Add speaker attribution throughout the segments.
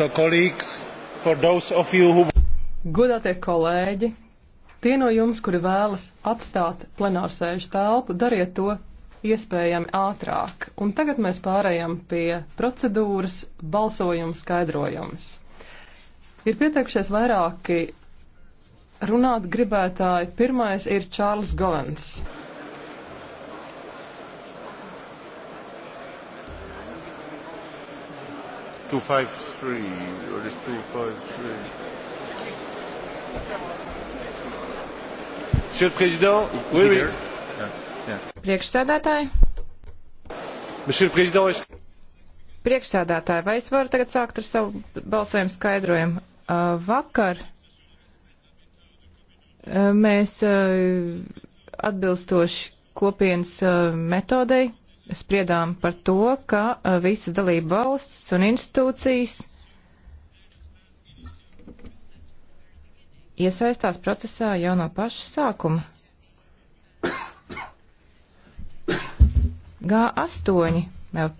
Speaker 1: So colleagues, for those of
Speaker 2: you who... Godātie kolēģi, tie no jums, kuri vēlas atstāt plenārsēžu telpu, dariet to iespējami ātrāk. Un tagad mēs pārējām pie procedūras balsojuma skaidrojums. Ir pieteikušies vairāki runāt gribētāji. Pirmais ir Čārlis Govens. 253 or is 253?
Speaker 1: Monsieur le Président, oui, oui. Priekšsēdētāji. Monsieur le Président, es... Priekšsēdētāji, vai es varu tagad sākt ar savu balsojumu skaidrojumu? Uh, vakar uh, mēs uh, atbilstoši kopienas uh, metodei spriedām par to, ka eh, visas dalība valsts un institūcijas iesaistās procesā jau no paša sākuma. G8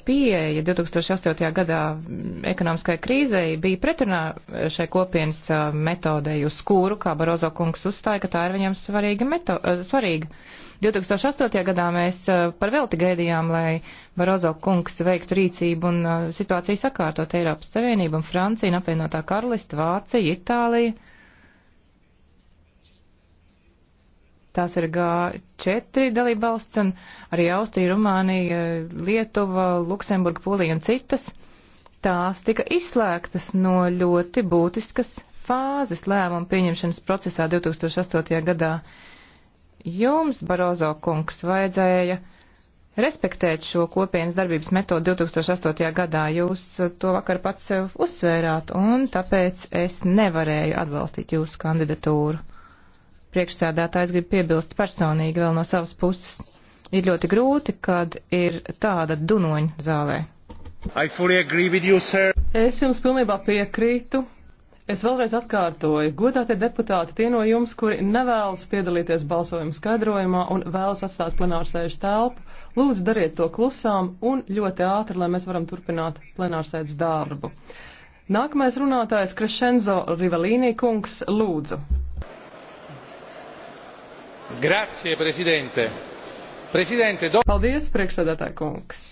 Speaker 1: pieeja 2008. gadā ekonomiskai krīzei bija pretrunā šai kopienas metodei, uz kuru, kā Barozo kungs uzstāja, ka tā ir viņam svarīga. Meto, svarīga. 2008. gadā mēs par velti gaidījām, lai Barozo kungs veiktu rīcību un situāciju sakārtot Eiropas Savienību un Franciju, apvienotā karalista, Vācija, Itālija. Tās ir G4 dalībvalsts un arī Austrija, Rumānija, Lietuva, Luksemburga, Polija un citas. Tās tika izslēgtas no ļoti būtiskas fāzes lēmumu pieņemšanas procesā 2008. gadā. Jums, Barozo kungs, vajadzēja respektēt šo kopienas darbības metodu 2008. gadā. Jūs to vakar pats sev uzsvērāt, un tāpēc es nevarēju atbalstīt jūsu kandidatūru priekšsēdētājs grib piebilst personīgi vēl no savas puses. Ir ļoti grūti, kad ir tāda dunoņa zālē.
Speaker 2: You, es jums pilnībā piekrītu. Es vēlreiz atkārtoju, godātie deputāti, tie no jums, kuri nevēlas piedalīties balsojuma skaidrojumā un vēlas atstāt plenārsēžu telpu, lūdzu dariet to klusām un ļoti ātri, lai mēs varam turpināt plenārsēdes darbu. Nākamais runātājs Krešenzo Rivalīnī kungs, lūdzu. Grazie, prezidente. prezidente do... Paldies, priekšsēdētāji kungs.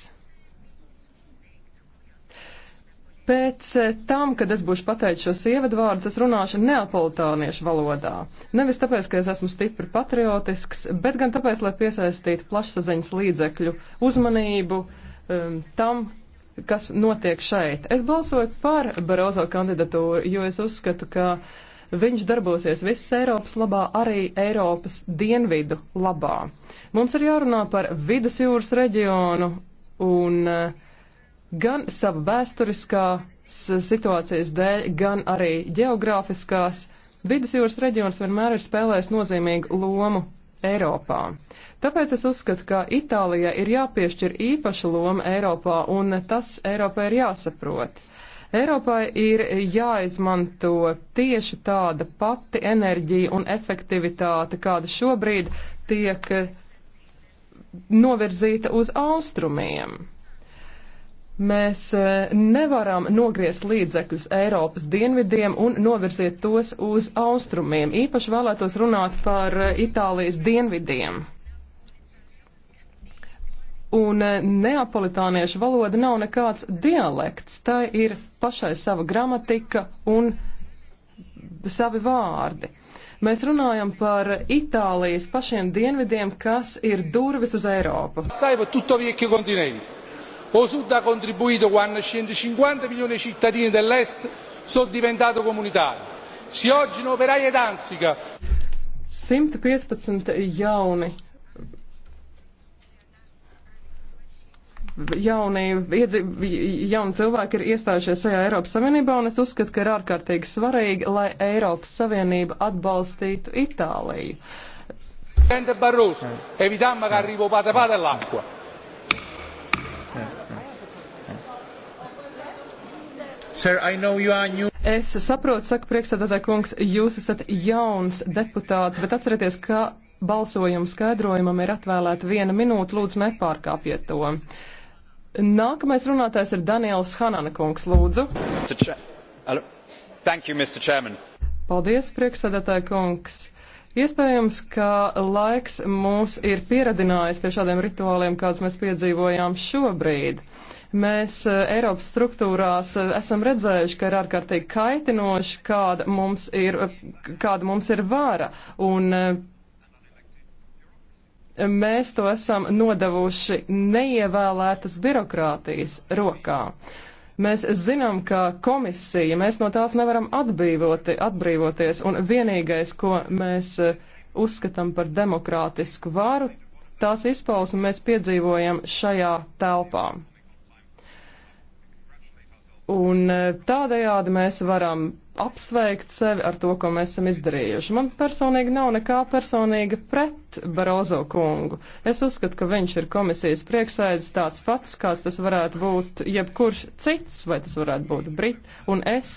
Speaker 2: Pēc eh, tam, kad es būšu pateicis šos ievadvārdus, es runāšu neapolitāniešu valodā. Nevis tāpēc, ka es esmu stipri patriotisks, bet gan tāpēc, lai piesaistītu plašsaziņas līdzekļu uzmanību um, tam, kas notiek šeit. Es balsoju par Barozo kandidatūru, jo es uzskatu, ka uh, Viņš darbosies visas Eiropas labā, arī Eiropas dienvidu labā. Mums ir jārunā par vidusjūras reģionu un eh, gan savu vēsturiskā eh, situācijas dēļ, gan arī geogrāfiskās. Vidusjūras reģions vienmēr ir spēlējis nozīmīgu lomu Eiropā. Tāpēc es uzskatu, ka Itālijai ir jāpiešķir īpaša loma Eiropā, un tas Eiropai ir jāsaprot. Eiropai ir jāizmanto tieši tāda pati enerģija un efektivitāte, kāda šobrīd tiek novirzīta uz austrumiem. Mēs e, nevaram nogriezt līdzekļus Eiropas dienvidiem un novirziet tos uz austrumiem. Īpaši vēlētos runāt par e, Itālijas dienvidiem. Un eh, neapolitāniešu valoda nav nekāds dialekts, tā ir pašai sava gramatika un savi vārdi. Mēs runājam par Itālijas pašiem dienvidiem, kas ir durvis uz Eiropu. O Sud ha contribuito quando 150 milioni di cittadini dell'Est sono diventati comunitari. Se oggi un'operaia danzica. 115 jauni jaunie, jauni cilvēki ir iestājušies šajā Eiropas Savienībā, un es uzskatu, ka ir ārkārtīgi svarīgi, lai Eiropas Savienība atbalstītu Itāliju. Eh,
Speaker 1: eh, eh.
Speaker 2: Sir, I know you are new. Es saprotu, saka priekšstādātāja kungs, jūs esat jauns deputāts, bet atcerieties, ka balsojuma skaidrojumam ir atvēlēta viena minūte, lūdzu nepārkāpiet to. Nākamais runātājs ir Daniels Hanana kungs, lūdzu.
Speaker 1: Thank you, Mr. Chairman.
Speaker 2: Paldies, priekšsēdētāja kungs. Iespējams, ka laiks mūs ir pieradinājis pie šādiem rituāliem, kādus mēs piedzīvojām šobrīd. Mēs eh, Eiropas struktūrās eh, esam redzējuši, ka ir ārkārtīgi kaitinoši, kāda mums ir, kāda mums ir vara. Un eh, mēs to esam nodevuši neievēlētas birokrātijas rokā. Mēs zinām, ka komisija, mēs no tās nevaram atbrīvoti, atbrīvoties, un vienīgais, ko mēs eh, uzskatām par demokrātisku varu, tās izpausmi mēs piedzīvojam šajā telpā. Un eh, tādējādi mēs varam apsveikt sevi ar to, ko mēs esam izdarījuši. Man personīgi nav nekā personīga pret Barozo kungu. Es uzskatu, ka viņš ir komisijas priekšsēdis tāds pats, kāds tas varētu būt jebkurš cits, vai tas varētu būt Brit. Un es,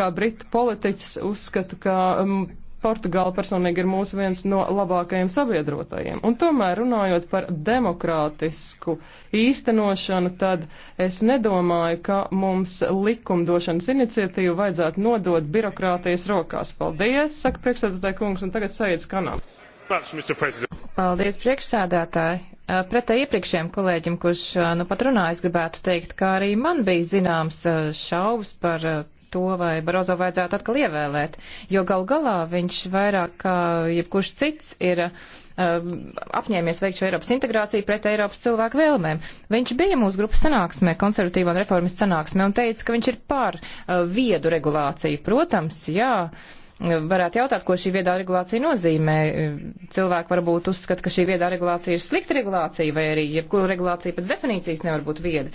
Speaker 2: kā Britu politiķis, uzskatu, ka. Um, Portugāla personīgi ir mūsu viens no labākajiem sabiedrotajiem. Un tomēr runājot par demokrātisku īstenošanu, tad es nedomāju, ka mums likumdošanas iniciatīvu vajadzētu nodot birokrātijas rokās. Paldies, saka priekšsēdētāji kungs, un tagad sajiet skanām. Paldies,
Speaker 1: priekšsēdētāji. Pretēji iepriekšējiem kolēģim, kurš nu pat runāja, es gribētu teikt, ka arī man bija zināms šaubas par to, vai Barozo vajadzētu atkal ievēlēt, jo gal galā viņš vairāk kā jebkurš cits ir uh, apņēmies veikt šo Eiropas integrāciju pret Eiropas cilvēku vēlmēm. Viņš bija mūsu grupas sanāksmē, konservatīva un reformistu sanāksmē, un teica, ka viņš ir par uh, viedu regulāciju. Protams, jā varētu jautāt, ko šī viedā regulācija nozīmē. Cilvēki varbūt uzskata, ka šī viedā regulācija ir slikta regulācija, vai arī jebkura regulācija pēc definīcijas nevar būt vieda.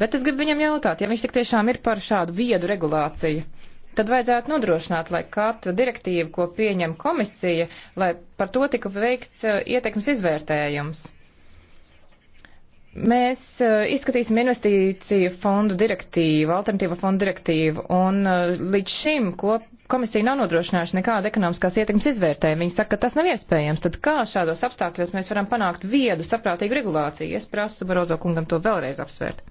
Speaker 1: Bet es gribu viņam jautāt, ja viņš tik tiešām ir par šādu viedu regulāciju, tad vajadzētu nodrošināt, lai katra direktīva, ko pieņem komisija, lai par to tika veikts eh, ietekmes izvērtējums. Mēs eh, izskatīsim investīciju fondu direktīvu, alternatīva fondu direktīvu, un eh, līdz šim, ko komisija nav nodrošinājuši nekādu ekonomiskās ietekmes izvērtējumu. Viņi saka, ka tas nav iespējams. Tad kā šādos apstākļos mēs varam panākt viedu, saprātīgu regulāciju? Es prasu Barozo kungam to vēlreiz apsvērt.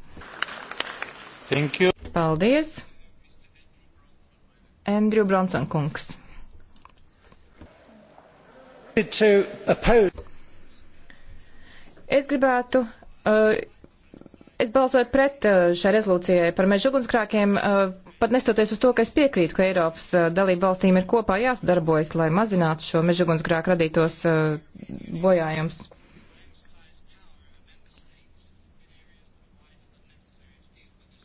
Speaker 1: Thank you. Paldies. Andrew Bronson kungs. Es gribētu uh, es balsoju pret uh, šai rezolūcijai par meža ugunskrākiem, uh, pat nestoties uz to, ka es piekrītu, ka Eiropas uh, dalību valstīm ir kopā jāsadarbojas, lai mazinātu šo meža ugunskrāku radītos bojājumus.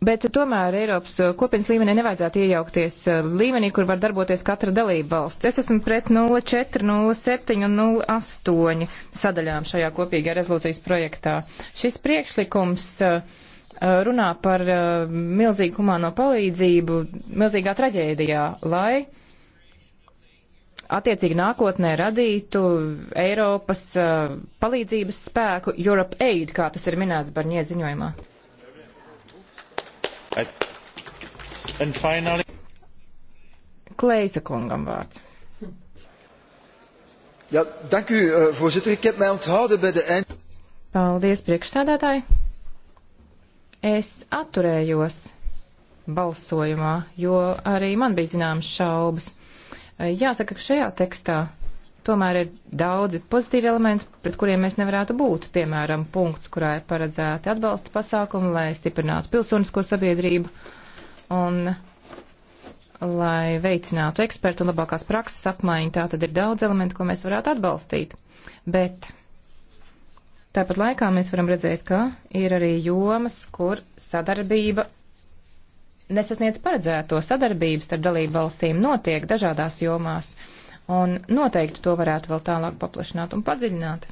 Speaker 1: Bet tomēr Eiropas uh, kopienas līmenī nevajadzētu iejaukties uh, līmenī, kur var darboties katra dalība valsts. Es esmu pret 04, 07 un 08 sadaļām šajā kopīgajā rezolūcijas projektā. Šis priekšlikums uh, runā par milzīgu humāno palīdzību milzīgā traģēdijā, lai attiecīgi nākotnē radītu Eiropas palīdzības spēku Europe Aid, kā tas ir minēts Barņie ziņojumā. Finally... Kleisa kungam vārds. Ja, dank u, uh, voorzitter. Ik heb mij onthouden bij de eind... Paldies, priekšsēdētāji. Es atturējos balsojumā, jo arī man bija zināmas šaubas. Eh, jāsaka, ka šajā tekstā tomēr ir daudzi pozitīvi elementi, pret kuriem mēs nevarētu būt. Piemēram, punkts, kurā ir paredzēti atbalsta pasākumi, lai stiprinātu pilsonisko sabiedrību un lai veicinātu ekspertu un labākās prakses apmaiņu. Tā tad ir daudz elementu, ko mēs varētu atbalstīt. Bet tāpat laikā mēs varam redzēt, ka ir arī jomas, kur sadarbība nesasniedz paredzēto sadarbības starp dalību valstīm notiek dažādās jomās. Uh, Un noteikti to varētu vēl tālāk paplašināt un padziļināt.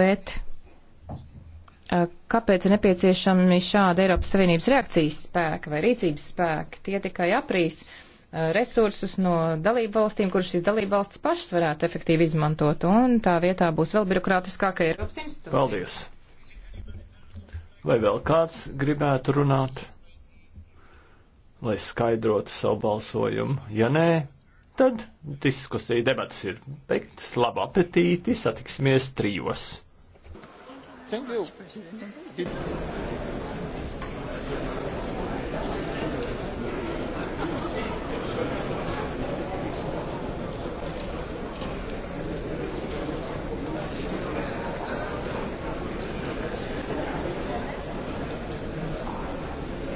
Speaker 1: Bet eh, kāpēc ir nepieciešami šāda Eiropas Savienības reakcijas spēka vai rīcības spēka? Tie tikai aprīs eh, resursus no dalību valstīm, kurus šīs dalību valsts pašas varētu efektīvi izmantot, un tā vietā būs vēl birokrātiskāka Eiropas institūcija. Paldies! Vai vēl kāds gribētu runāt, lai skaidrotu savu balsojumu? Ja nē, Tad diskusija debats ir beigts. Labu apetīti, satiksimies trijos. Thank you.
Speaker 2: Did...